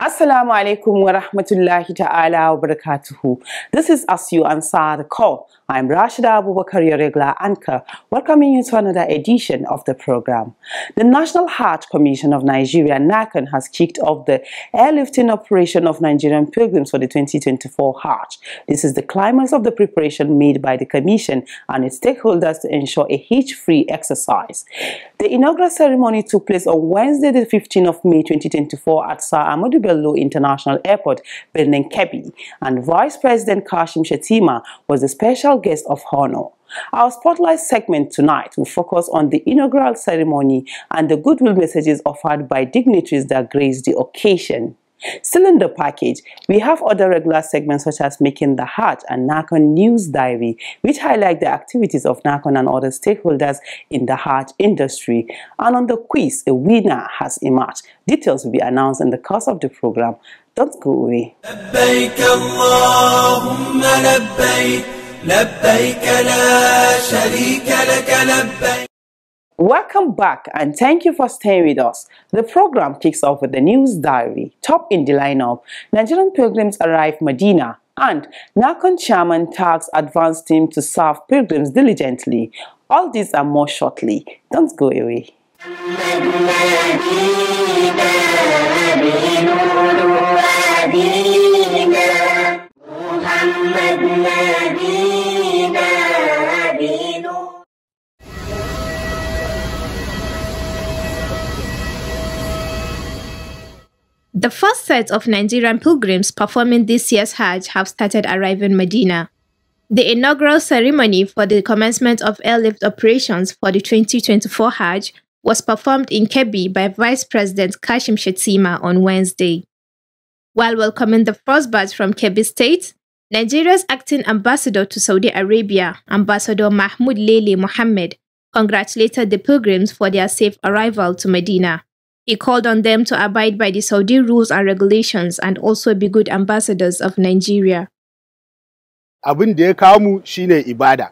Assalamu alaikum wa rahmatullahi ta'ala wa barakatuhu. This is As You Answer the Call. I'm Rashida Abubakar, your regular anchor, welcoming you to another edition of the program. The National Heart Commission of Nigeria, NACAN, has kicked off the airlifting operation of Nigerian pilgrims for the 2024 Hajj. This is the climax of the preparation made by the Commission and its stakeholders to ensure a hitch-free exercise. The inaugural ceremony took place on Wednesday, the 15th of May 2024 at Sir Ahmadu Bello International Airport, Benin Kebi, and Vice President Kashim Shetima was the special guest of honor. Our spotlight segment tonight will focus on the inaugural ceremony and the goodwill messages offered by dignitaries that grace the occasion. Still in the package, we have other regular segments such as Making the Heart and Nakon News Diary, which highlight the activities of Nakon and other stakeholders in the heart industry. And on the quiz, a winner has emerged. Details will be announced in the course of the program. Don't go away. لبيك لا شريك لك لبيك Welcome back and thank you for staying with us. The program kicks off with the news diary. Top in the lineup, Nigerian pilgrims arrive Medina and Nakon chairman tags advanced team to serve pilgrims diligently. All these and more shortly. Don't go away. hundreds of Nigerian pilgrims performing this year's Hajj have started arriving Medina. The inaugural ceremony for the commencement of airlift operations for the 2024 Hajj was performed in Kebbi by Vice President Kashim Shetima on Wednesday. While welcoming the first batch from Kebbi State, Nigeria's acting ambassador to Saudi Arabia, Ambassador Mahmoud Lele Mohammed, congratulated the pilgrims for their safe arrival to Medina. He called on them to abide by the Saudi rules and regulations and also be good ambassadors of Nigeria. Abin da ya kawo mu shine ibada.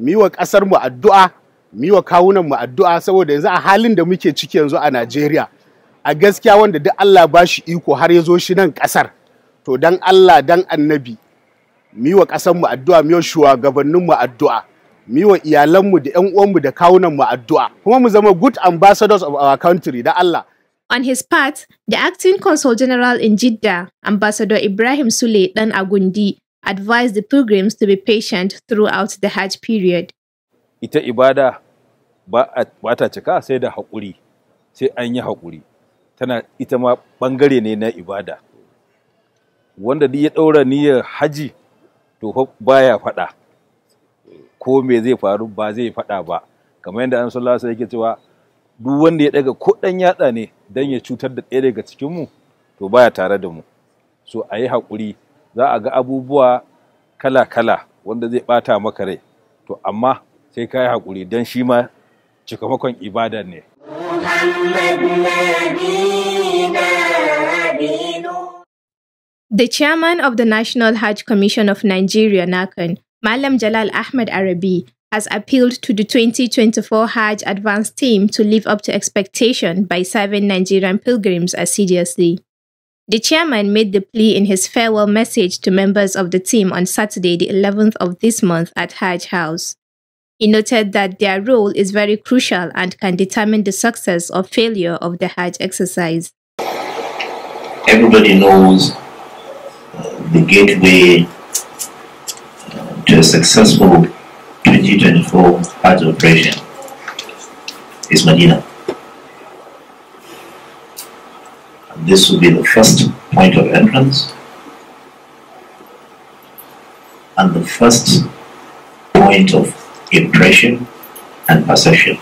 Mi wa kasar mu addu'a, mi wa kawunan mu addu'a saboda yanzu a halin da muke ciki yanzu a Najeriya. A gaskiya wanda duk Allah ba shi iko har ya zo shi nan kasar. To dan Allah dan Annabi mu wa kasar mu addu'a, mu wa shugabannin mu addu'a. mu wa iyalanmu da 'yan uwanmu da kawunanmu addu'a kuma mu zama good ambassadors of our country da Allah On his part, the acting consul general in Jeddah, Ambassador Ibrahim Sule Dan Agundi, advised the pilgrims to be patient throughout the Hajj period. Ita ibada ba ta cika sai da haƙuri, sai an yi haƙuri. Tana ita ma ɓangare ne na ibada. Wanda duk ya ɗaura niyyar haji, to baya faɗa. ko me zai faru ba zai faɗa ba kamar yadda an sallallahu alaihi yake cewa duk wanda ya daga ko dan yatsa ne dan ya cutar da ɗaya daga cikin mu to baya tare da mu so a yi haƙuri za a ga abubuwa kala-kala wanda zai ɓata maka rai to amma sai ka yi haƙuri don shi ma cikamakon ibada ne The chairman of the National Hajj Commission of Nigeria, Nakan. Malam Jalal Ahmed Arabi has appealed to the 2024 Hajj Advance Team to live up to expectation by serving Nigerian pilgrims assiduously. The chairman made the plea in his farewell message to members of the team on Saturday, the 11th of this month at Hajj House. He noted that their role is very crucial and can determine the success or failure of the Hajj exercise. Everybody knows uh, the gateway to a successful 2024 Hajj operation is Medina. And this will be the first point of entrance and the first point of impression and perception.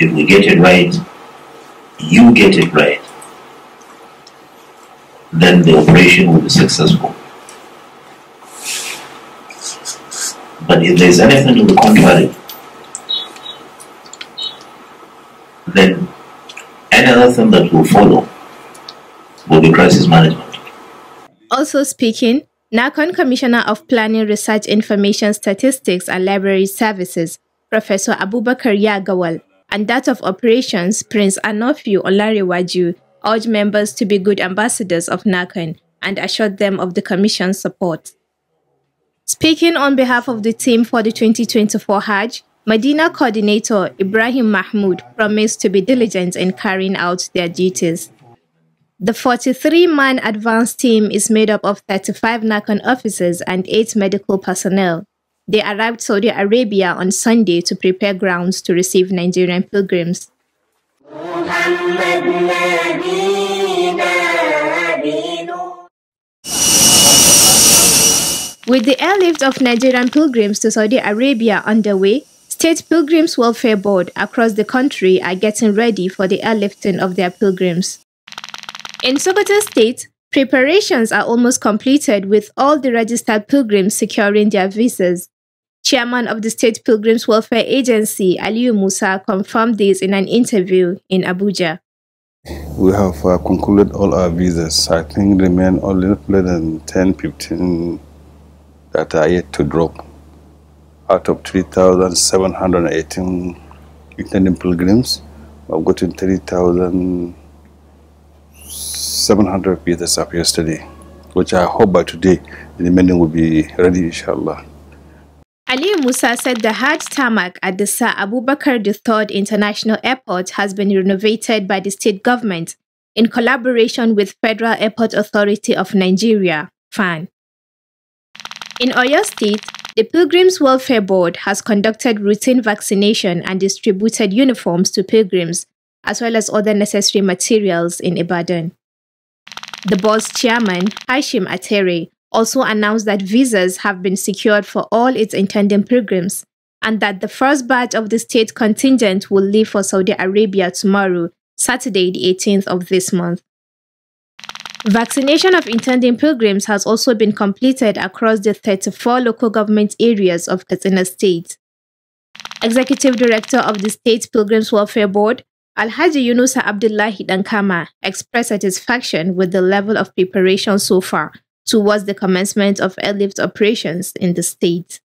If we get it right, you get it right, then the operation will be successful. But if there is anything to the contrary, then any other thing that will follow will be crisis management. Also speaking, NACON Commissioner of Planning Research Information Statistics and Library Services, Professor Abubakar Yagawal, and that of Operations, Prince Anofiu Olarewaju, urged members to be good ambassadors of NACON and assured them of the Commission's support. Speaking on behalf of the team for the 2024 Hajj, Medina coordinator Ibrahim Mahmoud promised to be diligent in carrying out their duties. The 43-man advance team is made up of 35 NACON officers and 8 medical personnel. They arrived Saudi Arabia on Sunday to prepare grounds to receive Nigerian pilgrims. With the airlift of Nigerian pilgrims to Saudi Arabia underway, State Pilgrims Welfare Board across the country are getting ready for the airlifting of their pilgrims. In Sokoto State, preparations are almost completed with all the registered pilgrims securing their visas. Chairman of the State Pilgrims Welfare Agency, Aliyu Musa, confirmed this in an interview in Abuja. We have uh, concluded all our visas. I think remain only less than 10, 15 that are yet to drop. Out of 3,718 intending pilgrims, I've gotten 3,700 pieces up yesterday, which I hope by today the remaining will be ready, inshallah. Ali Musa said the Hajj tarmac at the Sir Abubakar III International Airport has been renovated by the state government in collaboration with Federal Airport Authority of Nigeria, FAN. In Oyo State, the Pilgrims Welfare Board has conducted routine vaccination and distributed uniforms to pilgrims, as well as other necessary materials in Ibadan. The board's chairman, Haishim Atere, also announced that visas have been secured for all its intending pilgrims and that the first batch of the state contingent will leave for Saudi Arabia tomorrow, Saturday, the 18th of this month. Vaccination of intending pilgrims has also been completed across the 34 local government areas of Katsina State. Executive Director of the State Pilgrims Welfare Board, Alhaji Yunusa Abdullahi Dankama, expressed satisfaction with the level of preparation so far towards the commencement of airlift operations in the state.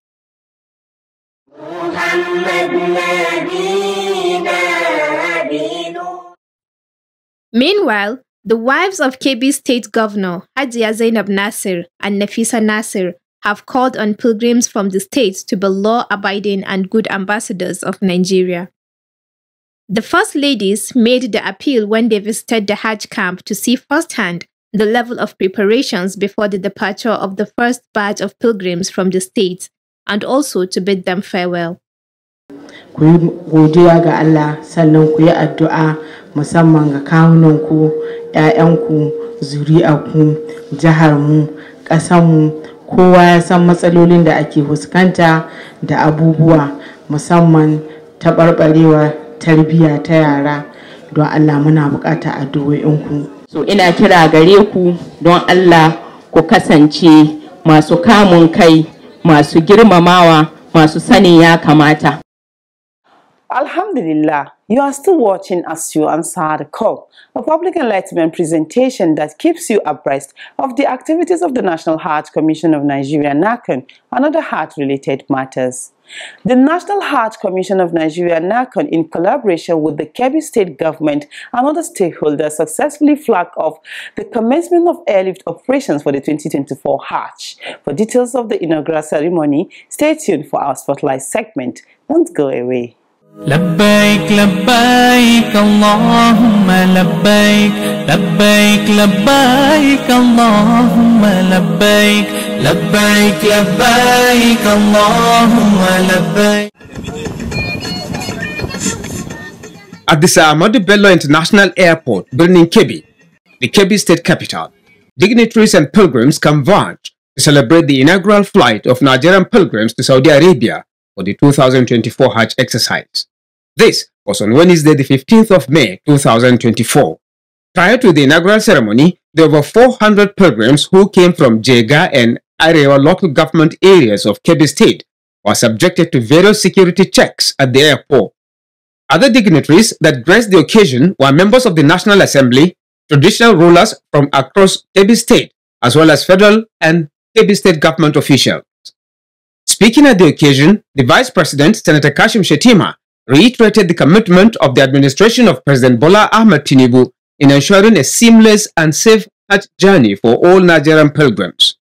Meanwhile, the wives of Kebbi State Governor Hadia Zainab Nasir and Nefisa Nasir have called on pilgrims from the state to be law abiding and good ambassadors of Nigeria. The first ladies made the appeal when they visited the Hajj camp to see firsthand the level of preparations before the departure of the first batch of pilgrims from the state and also to bid them farewell. musamman ga kawunanku 'ya'yanku zuri'arku jiharmu ƙasanmu kowa ya san matsalolin da ake fuskanta da abubuwa musamman taɓarɓarewa tarbiyya ta yara don allah muna buƙata a ku. so ina kira gare ku don allah ku kasance masu kamun kai masu girmamawa masu sanin ya kamata Alhamdulillah, you are still watching as you answer the call, a public enlightenment presentation that keeps you abreast of the activities of the National Heart Commission of Nigeria NACON and other heart-related matters. The National Heart Commission of Nigeria NACON in collaboration with the Kebbi State Government and other stakeholders successfully flagged off the commencement of airlift operations for the 2024 Hatch. For details of the inaugural ceremony, stay tuned for our spotlight segment. Don't go away. لبيك لبيك اللهم لبيك لبيك لبيك اللهم لبيك لبيك لبيك اللهم لبيك At the Ahmadu Bello International Airport, Birnin Kebi, the Kebi state capital, dignitaries and pilgrims converged to celebrate the inaugural flight of Nigerian pilgrims to Saudi Arabia for the 2024 Hajj exercise. This was on Wednesday, the 15th of May, 2024. Prior to the inaugural ceremony, there were 400 pilgrims who came from Jega and Arewa local government areas of Kebbi State were subjected to various security checks at the airport. Other dignitaries that graced the occasion were members of the National Assembly, traditional rulers from across Kebbi State, as well as federal and Kebbi State government officials. Speaking at the occasion, the Vice President, Senator Kashim Shetima, reiterated the commitment of the administration of President Bola Ahmed Tinubu in ensuring a seamless and safe Hajj journey for all Nigerian pilgrims.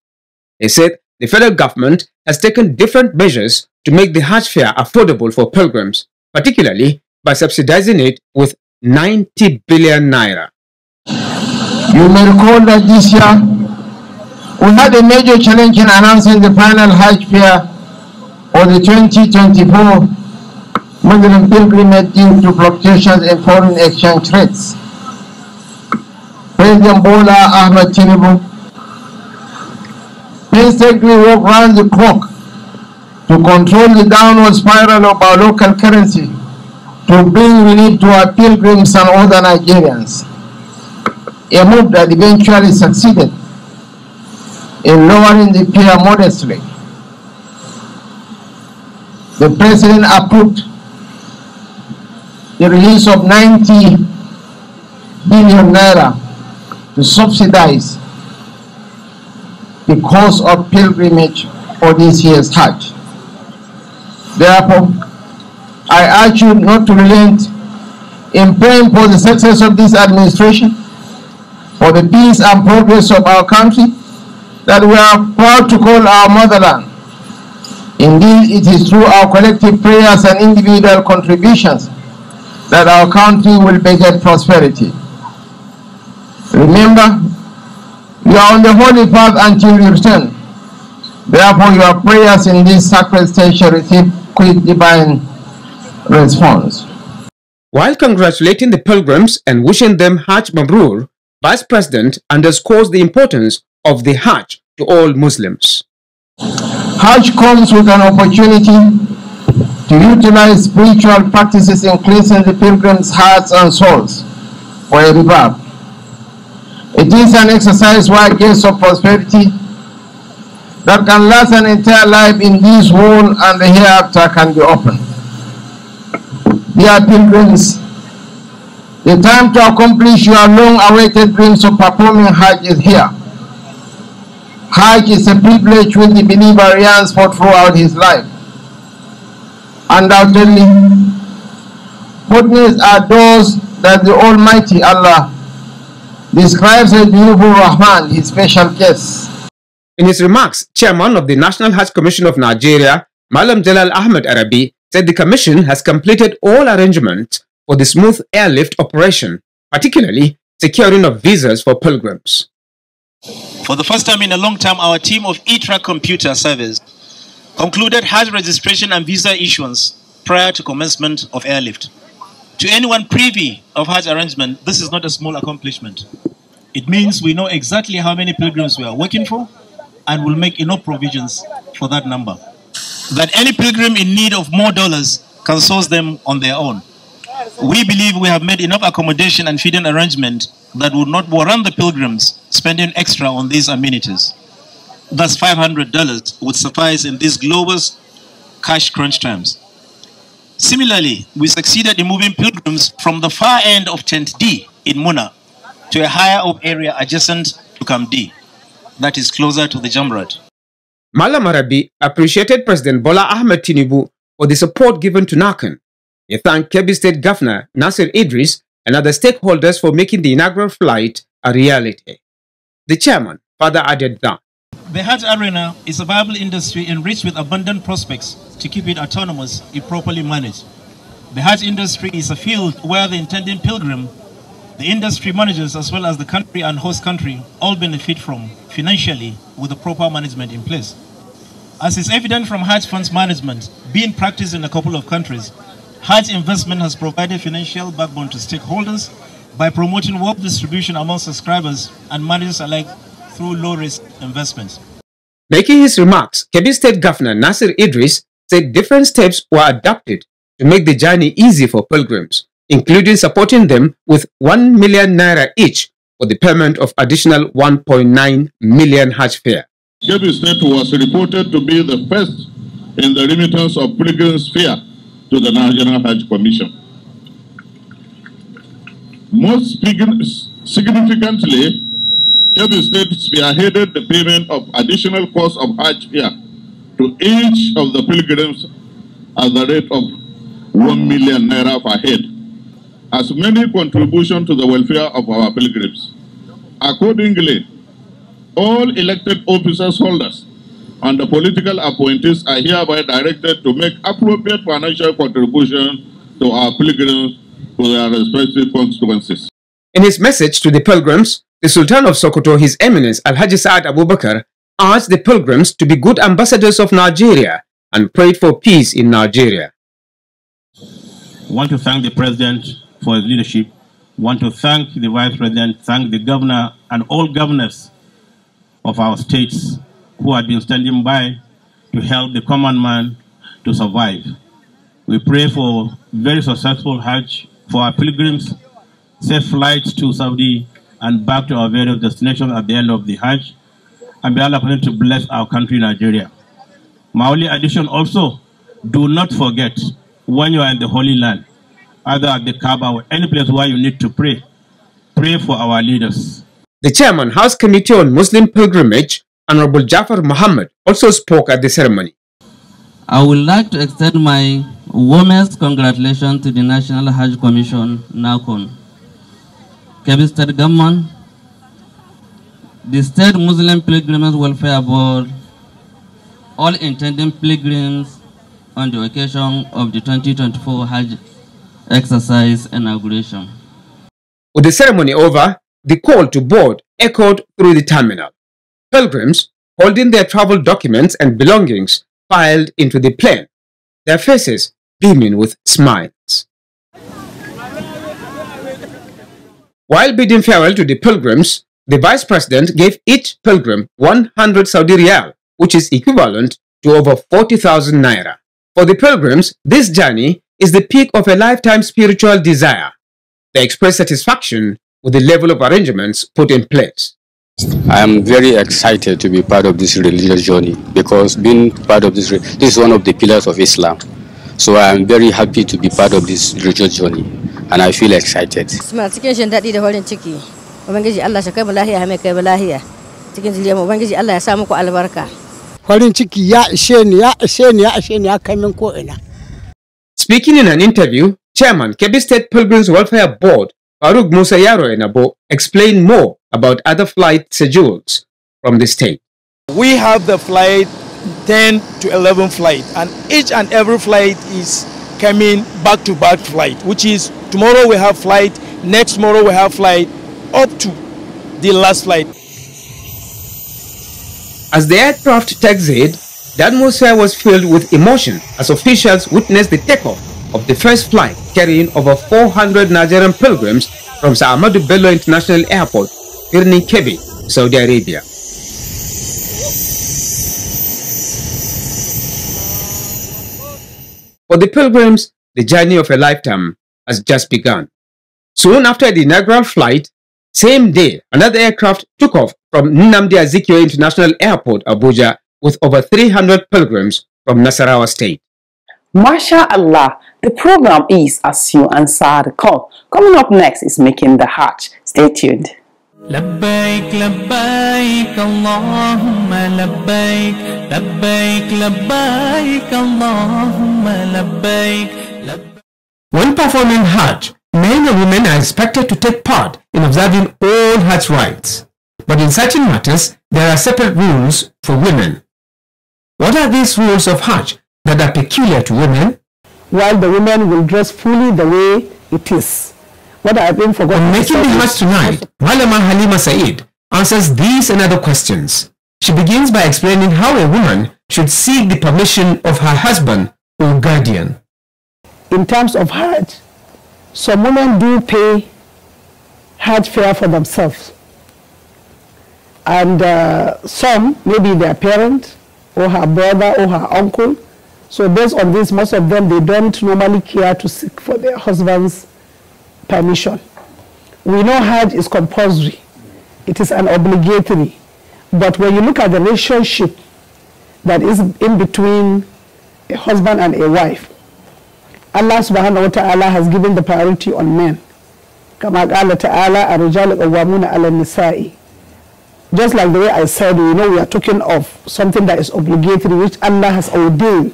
He said the federal government has taken different measures to make the Hajj fare affordable for pilgrims, particularly by subsidizing it with 90 billion naira. You may recall that this year we had a major challenge in announcing the final Hajj fare for the 2024 Muslim pilgrimage due to fluctuations in foreign exchange rates. President Bola Ahmed Tinubu painstakingly worked round the clock to control the downward spiral of our local currency to bring relief to our pilgrims and other Nigerians, a move that eventually succeeded in lowering the pair modestly the president approved the release of 90 billion naira to subsidize the cost of pilgrimage for this year's Hajj. Therefore, I urge you not to relent in praying for the success of this administration, for the peace and progress of our country that we are proud to call our motherland. Indeed, it is through our collective prayers and individual contributions that our country will beget prosperity. Remember, you are on the holy path until you return. Therefore, your prayers in this sacred station shall receive quick divine response. While congratulating the pilgrims and wishing them Hajj Mabrur, Vice President underscores the importance of the Hajj to all Muslims. Hajj comes with an opportunity to utilize spiritual practices in cleansing the pilgrim's hearts and souls for a rebirth. It is an exercise wide gates of prosperity that can last an entire life in this world and the hereafter can be opened. Dear pilgrims, the time to accomplish your long-awaited dreams of performing Hajj is here. Hajj is a privilege which the believer yearns for throughout his life. Undoubtedly, goodness are those that the Almighty Allah describes as beautiful Rahman, his special guest. In his remarks, Chairman of the National Hajj Commission of Nigeria, Malam Jalal Ahmed Arabi, said the Commission has completed all arrangements for the smooth airlift operation, particularly securing of visas for pilgrims. For the first time in a long time, our team of eTrack Computer Service concluded hard registration and visa issuance prior to commencement of airlift. To anyone privy of Hajj arrangement, this is not a small accomplishment. It means we know exactly how many pilgrims we are working for and will make enough provisions for that number. That any pilgrim in need of more dollars can source them on their own. We believe we have made enough accommodation and feeding arrangement that would not warrant the pilgrims spending extra on these amenities. Thus, $500 would suffice in these global cash crunch times. Similarly, we succeeded in moving pilgrims from the far end of Tent D in Muna to a higher up area adjacent to Camp D, that is closer to the Jamrat. Malam Arabi appreciated President Bola Ahmed Tinubu for the support given to Nakan. He thanked Kebbi State Governor Nasir Idris and other stakeholders for making the inaugural flight a reality. The chairman further added that the Hajj arena is a viable industry enriched with abundant prospects to keep it autonomous if properly managed. The Hajj industry is a field where the intending pilgrim, the industry managers, as well as the country and host country all benefit from financially with the proper management in place. As is evident from Hajj funds management being practiced in a couple of countries, Hajj investment has provided financial backbone to stakeholders by promoting wealth distribution among subscribers and managers alike through low-risk investments. Making his remarks, Kebbi State Governor Nasir Idris said different steps were adopted to make the journey easy for pilgrims, including supporting them with 1 million naira each for the payment of additional 1.9 million Hajj fare. Kebbi State was reported to be the first in the remittance of pilgrims' fare to the National Hajj Commission. Most significantly, Kebbi State spearheaded the payment of additional cost of Hajj to each of the pilgrims at the rate of 1 million naira per head as many contribution to the welfare of our pilgrims. Accordingly, all elected officers holders and the political appointees are hereby directed to make appropriate financial contribution to our pilgrims for their respective constituencies. In his message to the pilgrims, the Sultan of Sokoto, His Eminence Al-Haji Sa'ad Abu Bakr, urged the pilgrims to be good ambassadors of Nigeria and prayed for peace in Nigeria. I want to thank the President for his leadership. I want to thank the Vice President, thank the Governor and all governors of our states who have been standing by to help the common man to survive. We pray for very successful Hajj for our pilgrims, safe flights to Saudi and back to our various destinations at the end of the Hajj, and may Allah to bless our country, Nigeria. My only addition also, do not forget when you are in the Holy Land, either at the Kaaba or any place where you need to pray, pray for our leaders. The chairman, House Committee on Muslim Pilgrimage, Honorable Jafar Muhammad, also spoke at the ceremony. I would like to extend my warmest congratulations to the National Hajj Commission, NACON, Kebbi State Government, the State Muslim Pilgrims Welfare Board, all intending pilgrims on the occasion of the 2024 Hajj exercise inauguration. With the ceremony over, the call to board echoed through the terminal. Pilgrims, holding their travel documents and belongings, filed into the plane, their faces beaming with smiles. While bidding farewell to the pilgrims, the vice president gave each pilgrim 100 Saudi riyal, which is equivalent to over 40,000 naira. For the pilgrims, this journey is the peak of a lifetime spiritual desire. They express satisfaction with the level of arrangements put in place. I am very excited to be part of this religious journey because being part of this, this is one of the pillars of Islam. So I am very happy to be part of this religious journey and I feel excited. Speaking in an interview, Chairman Kebbi State Pilgrims Welfare Board Faruk Musa Yaro Enabo explained more about other flight schedules from the state. We have the flight 10 to 11 flight and each and every flight is coming back to back flight which is tomorrow we have flight next tomorrow we have flight up to the last flight as the aircraft taxied the atmosphere was filled with emotion as officials witnessed the takeoff of the first flight carrying over 400 Nigerian pilgrims from Ahmadu Bello International Airport birnin Kebi, Saudi Arabia. For the pilgrims, the journey of a lifetime has just begun. Soon after the inaugural flight, same day, another aircraft took off from Nnamdi Azikiwe International Airport, Abuja, with over 300 pilgrims from Nasarawa State. Masha Allah, the program is As You Answer the Call. Coming up next is Making the Hatch. Stay tuned. لبيك لبيك اللهم لبيك لبيك لبيك اللهم لبيك When performing Hajj, men and women are expected to take part in observing all Hajj rites. But in certain matters, there are separate rules for women. What are these rules of Hajj that are peculiar to women? While the women will dress fully the way it is what I've been forgotten. On making the Hajj tonight, Malama Halima Said answers these and other questions. She begins by explaining how a woman should seek the permission of her husband or guardian. In terms of Hajj, some women do pay Hajj fare for themselves. And uh, some, maybe their parent or her brother or her uncle. So based on this, most of them, they don't normally care to seek for their husbands permission. We know Hajj is compulsory. It is an obligatory. But when you look at the relationship that is in between a husband and a wife, Allah subhanahu wa ta'ala has given the priority on men. just like the way I said, you know, we are talking of something that is obligatory, which Allah has ordained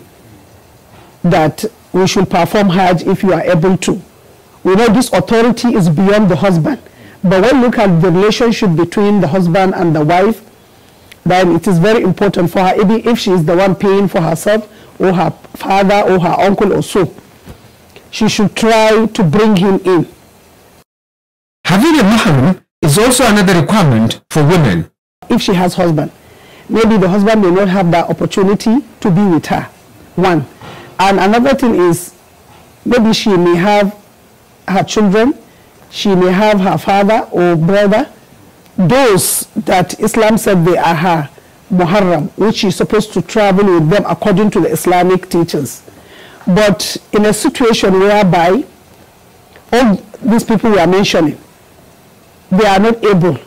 that we should perform Hajj if you are able to. We know this authority is beyond the husband. But when we look at the relationship between the husband and the wife, then it is very important for her, even if she is the one paying for herself or her father or her uncle or so, she should try to bring him in. Having a mahram is also another requirement for women. If she has husband, maybe the husband may not have that opportunity to be with her, one. And another thing is, maybe she may have her children, she may have her father or brother. Those that Islam said they are her Muharram, which is supposed to travel with them according to the Islamic teachings. But in a situation whereby all these people we are mentioning, they are not able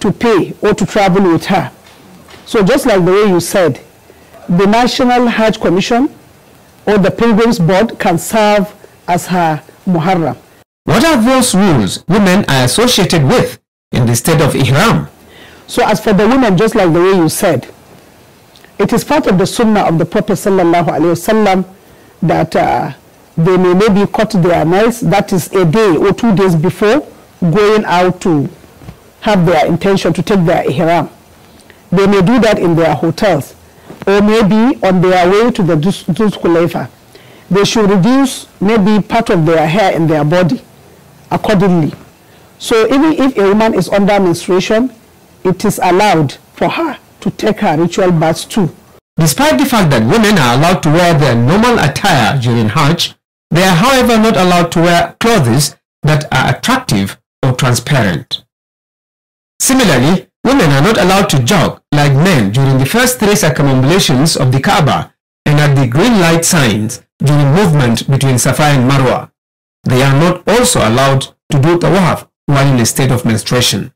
to pay or to travel with her. So just like the way you said, the National Hajj Commission or the Pilgrims Board can serve as her Muharram. What are those rules women are associated with in the state of Ihram? So as for the women, just like the way you said, it is part of the sunnah of the Prophet sallallahu alaihi wasallam that uh, they may maybe cut their nails, that is a day or two days before going out to have their intention to take their ihram. They may do that in their hotels or maybe on their way to the Duz Khulafa they should reduce maybe part of their hair in their body accordingly. So even if a woman is under menstruation, it is allowed for her to take her ritual baths too. Despite the fact that women are allowed to wear their normal attire during Hajj, they are however not allowed to wear clothes that are attractive or transparent. Similarly, women are not allowed to jog like men during the first three circumambulations of the Kaaba and at the green light signs during movement between Safa and Marwa. They are not also allowed to do tawaf while in a state of menstruation.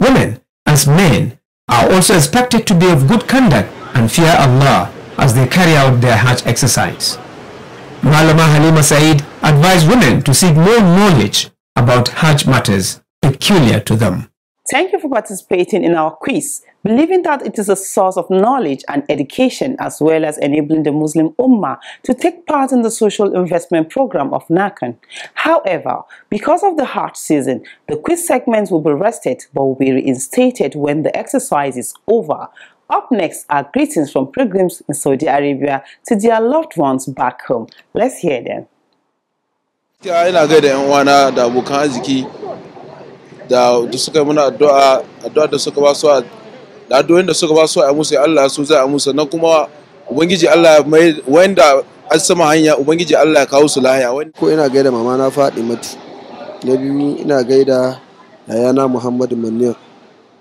Women, as men, are also expected to be of good conduct and fear Allah as they carry out their Hajj exercise. Malama Halima Said advised women to seek more knowledge about Hajj matters peculiar to them. Thank you for participating in our quiz believing that it is a source of knowledge and education as well as enabling the Muslim Ummah to take part in the social investment program of NACAN. However, because of the hard season, the quiz segments will be rested but will be reinstated when the exercise is over. Up next are greetings from pilgrims in Saudi Arabia to their loved ones back home. Let's hear them. da da da da addu'o'in da suka ba su a musu Allah su zai a musu sannan kuma ubangiji Allah mai wanda an sama hanya ubangiji Allah ya kawo su lahiya ko ina gaida mama na Fadimatu na biyu ina gaida yayana Muhammadu Manniyar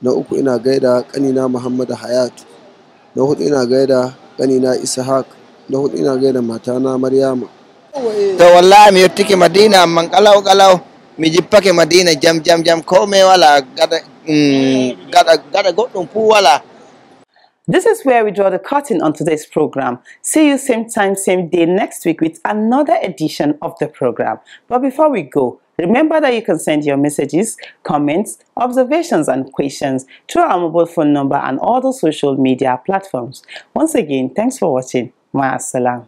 na uku ina gaida kanina Muhammadu Hayatu na hudu ina gaida kanina Ishaq na hudu ina gaida matana Maryama to wallahi mi yottike Madina man kalau kalau mi jippake Madina jam jam jam ko me wala mm, gotta, gotta go to Puwala. This is where we draw the curtain on today's program. See you same time, same day next week with another edition of the program. But before we go, remember that you can send your messages, comments, observations, and questions through our mobile phone number and all the social media platforms. Once again, thanks for watching. Ma assalam.